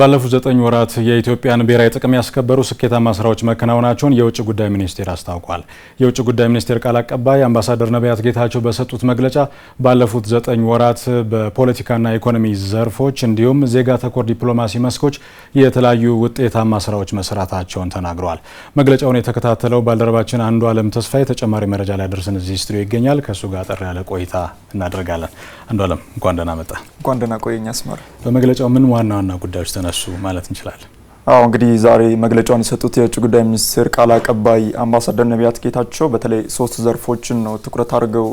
ባለፉት ዘጠኝ ወራት የኢትዮጵያን ብሔራዊ ጥቅም ያስከበሩ ስኬታማ ስራዎች መከናወናቸውን የውጭ ጉዳይ ሚኒስቴር አስታውቋል። የውጭ ጉዳይ ሚኒስቴር ቃል አቀባይ አምባሳደር ነቢያት ጌታቸው በሰጡት መግለጫ ባለፉት ዘጠኝ ወራት በፖለቲካና ኢኮኖሚ ዘርፎች እንዲሁም ዜጋ ተኮር ዲፕሎማሲ መስኮች የተለያዩ ውጤታማ ስራዎች መስራታቸውን ተናግረዋል። መግለጫውን የተከታተለው ባልደረባችን አንዱ አለም ተስፋዬ ተጨማሪ መረጃ ላይ ደርስን እዚህ ስቱዲዮ ይገኛል። ከእሱ ጋር ጠር ያለ ቆይታ እናደርጋለን። አንዱ አለም እንኳን ደህና መጣ። እንኳን ደህና ቆየኝ አስመር። በመግለጫው ምን ዋና ዋና ጉዳዮች ተነ እነሱ ማለት እንችላለን። አዎ እንግዲህ ዛሬ መግለጫውን የሰጡት የውጭ ጉዳይ ሚኒስትር ቃል አቀባይ አምባሳደር ነቢያት ጌታቸው በተለይ ሶስት ዘርፎችን ነው ትኩረት አድርገው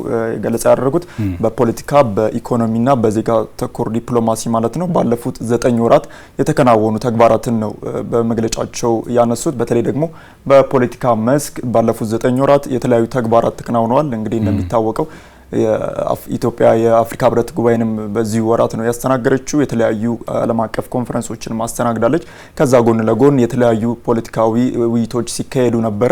ገለጻ ያደረጉት፣ በፖለቲካ በኢኮኖሚና በዜጋ ተኮር ዲፕሎማሲ ማለት ነው። ባለፉት ዘጠኝ ወራት የተከናወኑ ተግባራትን ነው በመግለጫቸው ያነሱት። በተለይ ደግሞ በፖለቲካ መስክ ባለፉት ዘጠኝ ወራት የተለያዩ ተግባራት ተከናውነዋል። እንግዲህ እንደሚታወቀው ኢትዮጵያ የአፍሪካ ህብረት ጉባኤንም በዚህ ወራት ነው ያስተናገደችው። የተለያዩ ዓለም አቀፍ ኮንፈረንሶችን ማስተናግዳለች። ከዛ ጎን ለጎን የተለያዩ ፖለቲካዊ ውይይቶች ሲካሄዱ ነበረ።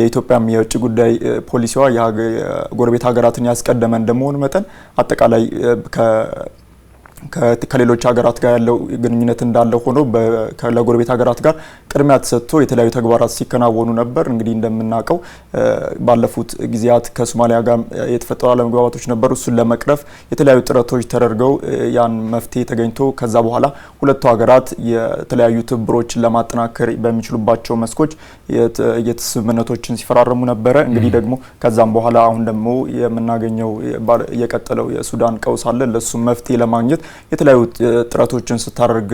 የኢትዮጵያም የውጭ ጉዳይ ፖሊሲዋ የጎረቤት ሀገራትን ያስቀደመ እንደመሆኑ መጠን አጠቃላይ ከሌሎች ሀገራት ጋር ያለው ግንኙነት እንዳለ ሆኖ ለጎረቤት ሀገራት ጋር ቅድሚያ ተሰጥቶ የተለያዩ ተግባራት ሲከናወኑ ነበር። እንግዲህ እንደምናውቀው ባለፉት ጊዜያት ከሶማሊያ ጋር የተፈጠሩ አለመግባባቶች ነበሩ። እሱን ለመቅረፍ የተለያዩ ጥረቶች ተደርገው ያን መፍትሄ ተገኝቶ ከዛ በኋላ ሁለቱ ሀገራት የተለያዩ ትብብሮችን ለማጠናከር በሚችሉባቸው መስኮች የስምምነቶችን ሲፈራረሙ ነበረ። እንግዲህ ደግሞ ከዛም በኋላ አሁን ደግሞ የምናገኘው የቀጠለው የሱዳን ቀውስ አለ። ለእሱም መፍትሄ ለማግኘት የተለያዩ ጥረቶችን ስታደርግ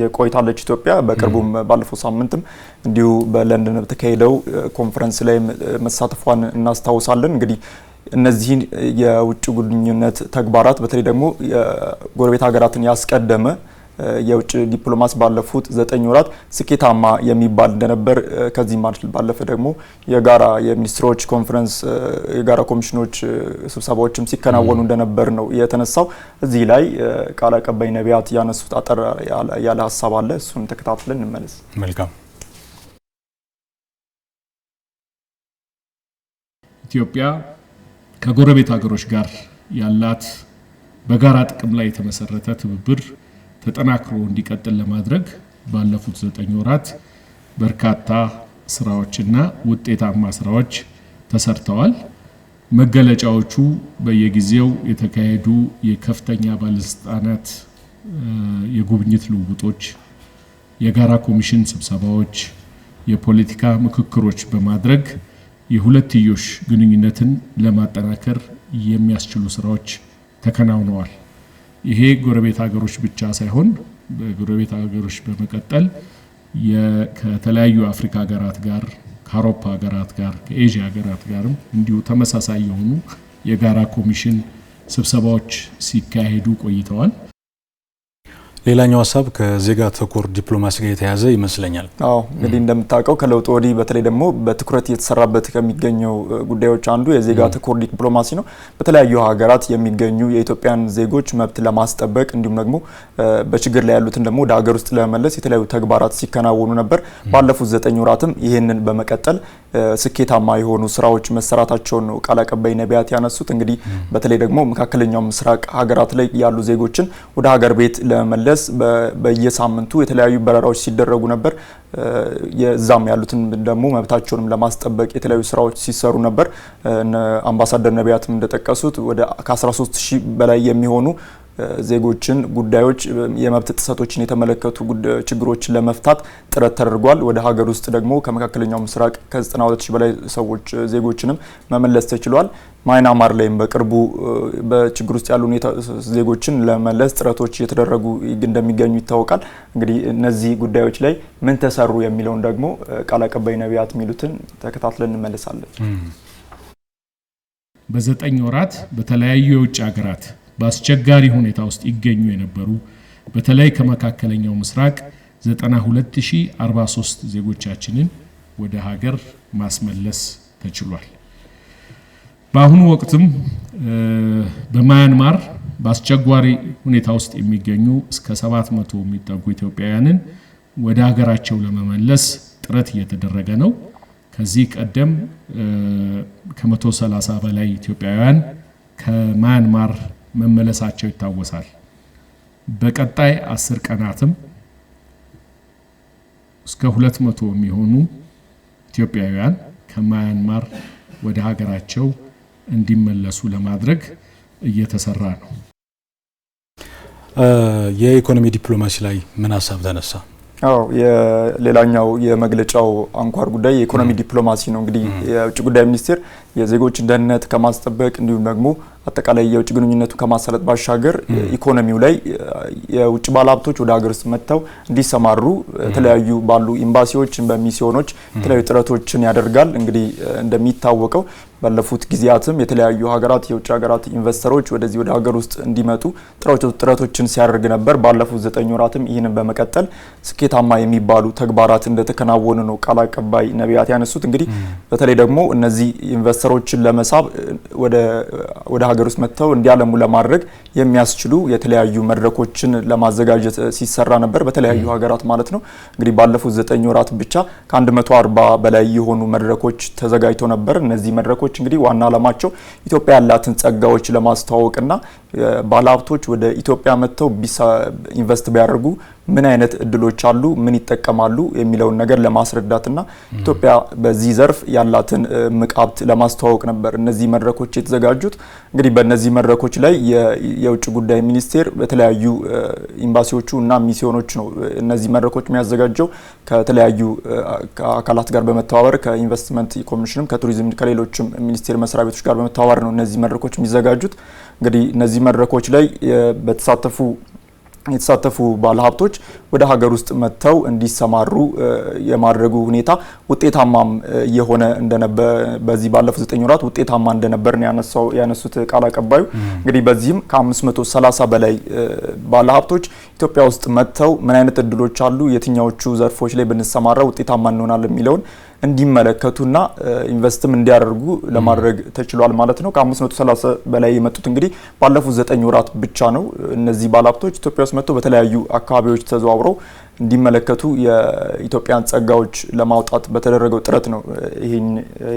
የቆይታለች ኢትዮጵያ። በቅርቡም ባለፈው ሳምንትም እንዲሁ በለንደን በተካሄደው ኮንፈረንስ ላይ መሳተፏን እናስታውሳለን። እንግዲህ እነዚህን የውጭ ግንኙነት ተግባራት በተለይ ደግሞ የጎረቤት ሀገራትን ያስቀደመ የውጭ ዲፕሎማሲ ባለፉት ዘጠኝ ወራት ስኬታማ የሚባል እንደነበር ከዚህ ባለፈ ደግሞ የጋራ የሚኒስትሮች ኮንፈረንስ፣ የጋራ ኮሚሽኖች ስብሰባዎችም ሲከናወኑ እንደነበር ነው የተነሳው። እዚህ ላይ ቃል አቀባይ ነቢያት ያነሱት አጠር ያለ ሀሳብ አለ። እሱን ተከታትለን እንመለስ። መልካም ኢትዮጵያ ከጎረቤት ሀገሮች ጋር ያላት በጋራ ጥቅም ላይ የተመሰረተ ትብብር ተጠናክሮ እንዲቀጥል ለማድረግ ባለፉት ዘጠኝ ወራት በርካታ ስራዎችና ውጤታማ ስራዎች ተሰርተዋል። መገለጫዎቹ በየጊዜው የተካሄዱ የከፍተኛ ባለስልጣናት የጉብኝት ልውውጦች፣ የጋራ ኮሚሽን ስብሰባዎች፣ የፖለቲካ ምክክሮች በማድረግ የሁለትዮሽ ግንኙነትን ለማጠናከር የሚያስችሉ ስራዎች ተከናውነዋል። ይሄ ጎረቤት ሀገሮች ብቻ ሳይሆን በጎረቤት ሀገሮች በመቀጠል ከተለያዩ አፍሪካ ሀገራት ጋር ከአውሮፓ ሀገራት ጋር ከኤዥያ ሀገራት ጋርም እንዲሁ ተመሳሳይ የሆኑ የጋራ ኮሚሽን ስብሰባዎች ሲካሄዱ ቆይተዋል። ሌላኛው ሀሳብ ከዜጋ ተኮር ዲፕሎማሲ ጋር የተያዘ ይመስለኛል። አዎ እንግዲህ እንደምታውቀው ከለውጥ ወዲህ በተለይ ደግሞ በትኩረት እየተሰራበት ከሚገኘው ጉዳዮች አንዱ የዜጋ ተኮር ዲፕሎማሲ ነው። በተለያዩ ሀገራት የሚገኙ የኢትዮጵያን ዜጎች መብት ለማስጠበቅ እንዲሁም ደግሞ በችግር ላይ ያሉትን ደግሞ ወደ ሀገር ውስጥ ለመመለስ የተለያዩ ተግባራት ሲከናወኑ ነበር። ባለፉት ዘጠኝ ወራትም ይህንን በመቀጠል ስኬታማ የሆኑ ስራዎች መሰራታቸውን ነው ቃል አቀባይ ነቢያት ያነሱት። እንግዲህ በተለይ ደግሞ መካከለኛው ምስራቅ ሀገራት ላይ ያሉ ዜጎችን ወደ ሀገር ቤት ለመመለስ ለመመለስ በየሳምንቱ የተለያዩ በረራዎች ሲደረጉ ነበር። የዛም ያሉትን ደግሞ መብታቸውንም ለማስጠበቅ የተለያዩ ስራዎች ሲሰሩ ነበር። አምባሳደር ነቢያትም እንደጠቀሱት ወደ ከ13 ሺህ በላይ የሚሆኑ ዜጎችን ጉዳዮች የመብት ጥሰቶችን የተመለከቱ ችግሮችን ለመፍታት ጥረት ተደርጓል። ወደ ሀገር ውስጥ ደግሞ ከመካከለኛው ምስራቅ ከ92 ሺህ በላይ ሰዎች ዜጎችንም መመለስ ተችሏል። ማይናማር ላይም በቅርቡ በችግር ውስጥ ያሉ ዜጎችን ለመለስ ጥረቶች እየተደረጉ እንደሚገኙ ይታወቃል። እንግዲህ እነዚህ ጉዳዮች ላይ ምን ተሰሩ የሚለውን ደግሞ ቃል አቀባይ ነቢያት የሚሉትን ተከታትለን እንመለሳለን። በዘጠኝ ወራት በተለያዩ የውጭ ሀገራት በአስቸጋሪ ሁኔታ ውስጥ ይገኙ የነበሩ በተለይ ከመካከለኛው ምስራቅ 92043 ዜጎቻችንን ወደ ሀገር ማስመለስ ተችሏል። በአሁኑ ወቅትም በማያንማር በአስቸጋሪ ሁኔታ ውስጥ የሚገኙ እስከ 700 የሚጠጉ ኢትዮጵያውያንን ወደ ሀገራቸው ለመመለስ ጥረት እየተደረገ ነው። ከዚህ ቀደም ከ130 በላይ ኢትዮጵያውያን ከማያንማር መመለሳቸው ይታወሳል። በቀጣይ አስር ቀናትም እስከ ሁለት መቶ የሚሆኑ ኢትዮጵያውያን ከማያንማር ወደ ሀገራቸው እንዲመለሱ ለማድረግ እየተሰራ ነው። የኢኮኖሚ ዲፕሎማሲ ላይ ምን ሀሳብ ተነሳ? አዎ የሌላኛው የመግለጫው አንኳር ጉዳይ የኢኮኖሚ ዲፕሎማሲ ነው። እንግዲህ የውጭ ጉዳይ ሚኒስቴር የዜጎችን ደህንነት ከማስጠበቅ እንዲሁም ደግሞ አጠቃላይ የውጭ ግንኙነቱ ከማሳለጥ ባሻገር ኢኮኖሚው ላይ የውጭ ባለሀብቶች ወደ ሀገር ውስጥ መጥተው እንዲሰማሩ የተለያዩ ባሉ ኤምባሲዎችን በሚስዮኖች የተለያዩ ጥረቶችን ያደርጋል። እንግዲህ እንደሚታወቀው ባለፉት ጊዜያትም የተለያዩ ሀገራት የውጭ ሀገራት ኢንቨስተሮች ወደዚህ ወደ ሀገር ውስጥ እንዲመጡ ጥረቶችን ሲያደርግ ነበር። ባለፉት ዘጠኝ ወራትም ይህንን በመቀጠል ስኬታማ የሚባሉ ተግባራት እንደተከናወኑ ነው ቃል አቀባይ ነቢያት ያነሱት። እንግዲህ በተለይ ደግሞ እነዚህ ኢንቨስተሮችን ለመሳብ ወደ ሀገር ውስጥ መጥተው እንዲያለሙ ለማድረግ የሚያስችሉ የተለያዩ መድረኮችን ለማዘጋጀት ሲሰራ ነበር፣ በተለያዩ ሀገራት ማለት ነው። እንግዲህ ባለፉት ዘጠኝ ወራት ብቻ ከ140 በላይ የሆኑ መድረኮች ተዘጋጅተው ነበር። እነዚህ መድረኮች እንግዲህ ዋና ዓላማቸው ኢትዮጵያ ያላትን ጸጋዎች ለማስተዋወቅና ባለሀብቶች ወደ ኢትዮጵያ መጥተው ኢንቨስት ቢያደርጉ ምን አይነት እድሎች አሉ፣ ምን ይጠቀማሉ የሚለውን ነገር ለማስረዳትና ኢትዮጵያ በዚህ ዘርፍ ያላትን እምቅ ሀብት ለማስተዋወቅ ነበር እነዚህ መድረኮች የተዘጋጁት። እንግዲህ በእነዚህ መድረኮች ላይ የውጭ ጉዳይ ሚኒስቴር በተለያዩ ኤምባሲዎቹ እና ሚስዮኖች ነው እነዚህ መድረኮች የሚያዘጋጀው ከተለያዩ አካላት ጋር በመተባበር ከኢንቨስትመንት ኮሚሽንም፣ ከቱሪዝም፣ ከሌሎችም ሚኒስቴር መስሪያ ቤቶች ጋር በመተባበር ነው እነዚህ መድረኮች የሚዘጋጁት። እንግዲህ እነዚህ መድረኮች ላይ በተሳተፉ የተሳተፉ ባለሀብቶች ወደ ሀገር ውስጥ መጥተው እንዲሰማሩ የማድረጉ ሁኔታ ውጤታማም እየሆነ እንደነበር በዚህ ባለፉት ዘጠኝ ወራት ውጤታማ እንደነበር ነው ያነሱት ቃል አቀባዩ። እንግዲህ በዚህም ከ530 በላይ ባለሀብቶች ኢትዮጵያ ውስጥ መጥተው ምን አይነት እድሎች አሉ፣ የትኛዎቹ ዘርፎች ላይ ብንሰማራ ውጤታማ እንሆናል የሚለውን እንዲመለከቱና ኢንቨስትም እንዲያደርጉ ለማድረግ ተችሏል ማለት ነው። ከ530 በላይ የመጡት እንግዲህ ባለፉት ዘጠኝ ወራት ብቻ ነው። እነዚህ ባለሀብቶች ኢትዮጵያ ውስጥ መጥተው በተለያዩ አካባቢዎች ተዘዋውረው እንዲመለከቱ የኢትዮጵያን ጸጋዎች ለማውጣት በተደረገው ጥረት ነው ይህን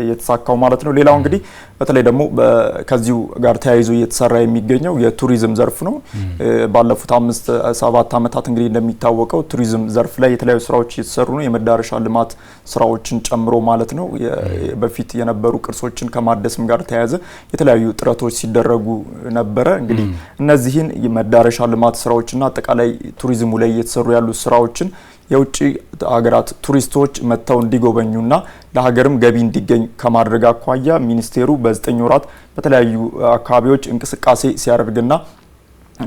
የተሳካው ማለት ነው። ሌላው እንግዲህ በተለይ ደግሞ ከዚሁ ጋር ተያይዞ እየተሰራ የሚገኘው የቱሪዝም ዘርፍ ነው። ባለፉት አምስት ሰባት ዓመታት እንግዲህ እንደሚታወቀው ቱሪዝም ዘርፍ ላይ የተለያዩ ስራዎች እየተሰሩ ነው። የመዳረሻ ልማት ስራዎችን ጨምሮ ማለት ነው። በፊት የነበሩ ቅርሶችን ከማደስም ጋር ተያያዘ የተለያዩ ጥረቶች ሲደረጉ ነበረ። እንግዲህ እነዚህን የመዳረሻ ልማት ስራዎችና አጠቃላይ ቱሪዝሙ ላይ እየተሰሩ ያሉ ስራዎች ቦታዎችን የውጭ ሀገራት ቱሪስቶች መጥተው እንዲጎበኙና ለሀገርም ገቢ እንዲገኝ ከማድረግ አኳያ ሚኒስቴሩ በዘጠኝ ወራት በተለያዩ አካባቢዎች እንቅስቃሴ ሲያደርግና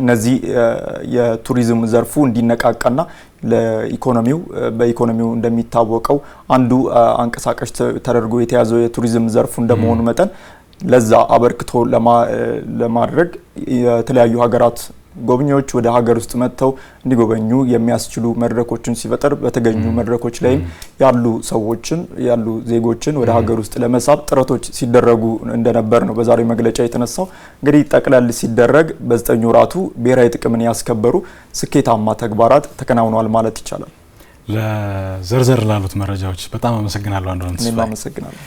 እነዚህ የቱሪዝም ዘርፉ እንዲነቃቃና ለኢኮኖሚው በኢኮኖሚው እንደሚታወቀው አንዱ አንቀሳቃሽ ተደርጎ የተያዘው የቱሪዝም ዘርፉ እንደመሆኑ መጠን ለዛ አበርክቶ ለማድረግ የተለያዩ ሀገራት ጎብኚዎች ወደ ሀገር ውስጥ መጥተው እንዲጎበኙ የሚያስችሉ መድረኮችን ሲፈጠር በተገኙ መድረኮች ላይም ያሉ ሰዎችን ያሉ ዜጎችን ወደ ሀገር ውስጥ ለመሳብ ጥረቶች ሲደረጉ እንደነበር ነው በዛሬ መግለጫ የተነሳው። እንግዲህ ጠቅለል ሲደረግ በዘጠኝ ወራቱ ብሔራዊ ጥቅምን ያስከበሩ ስኬታማ ተግባራት ተከናውኗል ማለት ይቻላል። ለዘርዘር ላሉት መረጃዎች በጣም አመሰግናለሁ። አንዱ አመሰግናለሁ።